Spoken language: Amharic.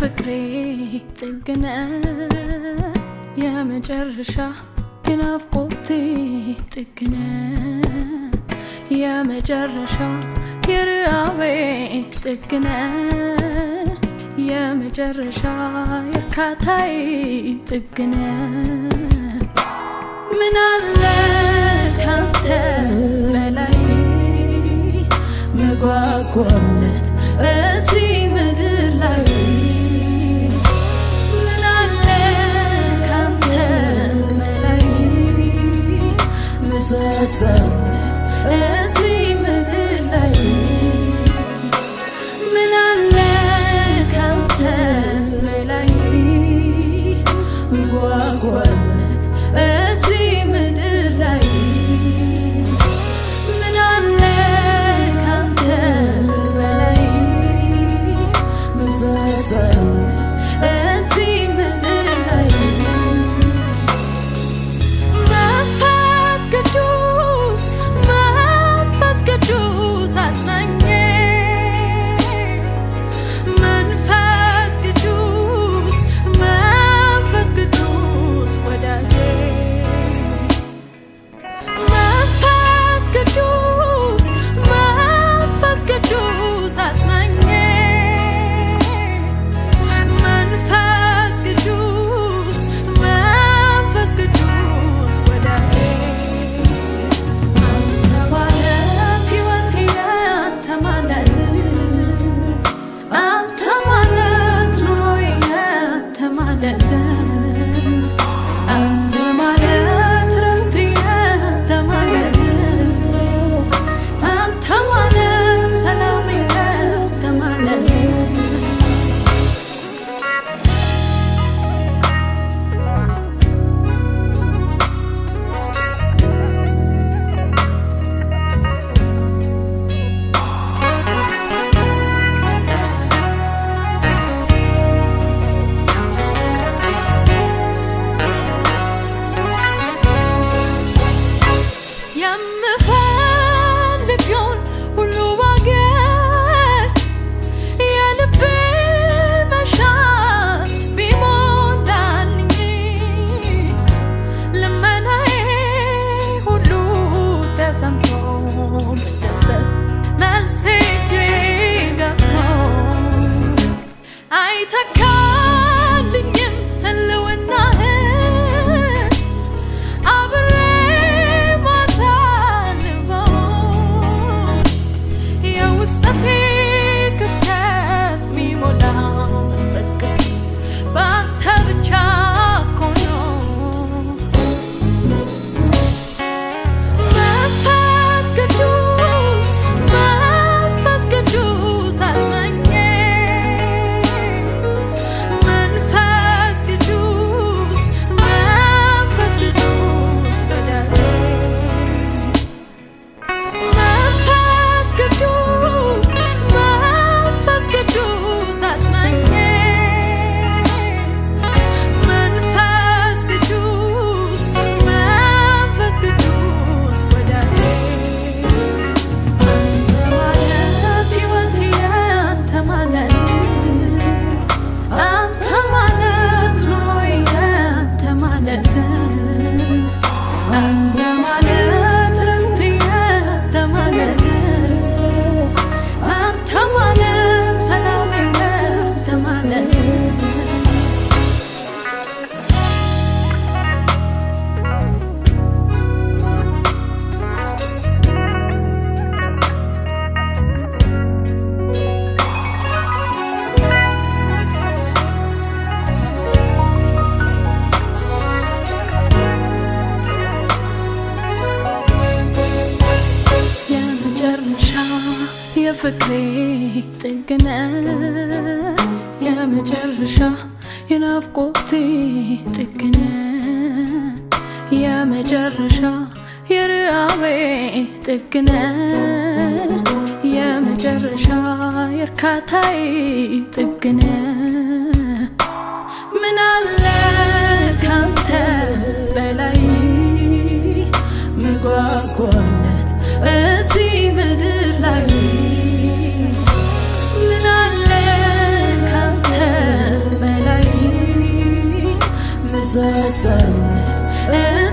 የፍቅሬ ጥግነ የመጨረሻ የናፍቆቴ ጥግነ የመጨረሻ የርአቤ ጥግነ የመጨረሻ የእርካታዬ ጥግነ ምናለ ካንተ በላይ መጓጓ myself ማለት የፍቅሬ ጥግነ የመጨረሻ የናፍቆቴ ጥግነ የመጨረሻ የርአቤ ጥግነ የመጨረሻ የእርካታዬ ጥግነ ምናለ ካንተ በላይ ምጓጓነት እዚህ ምድር ላይ the sun.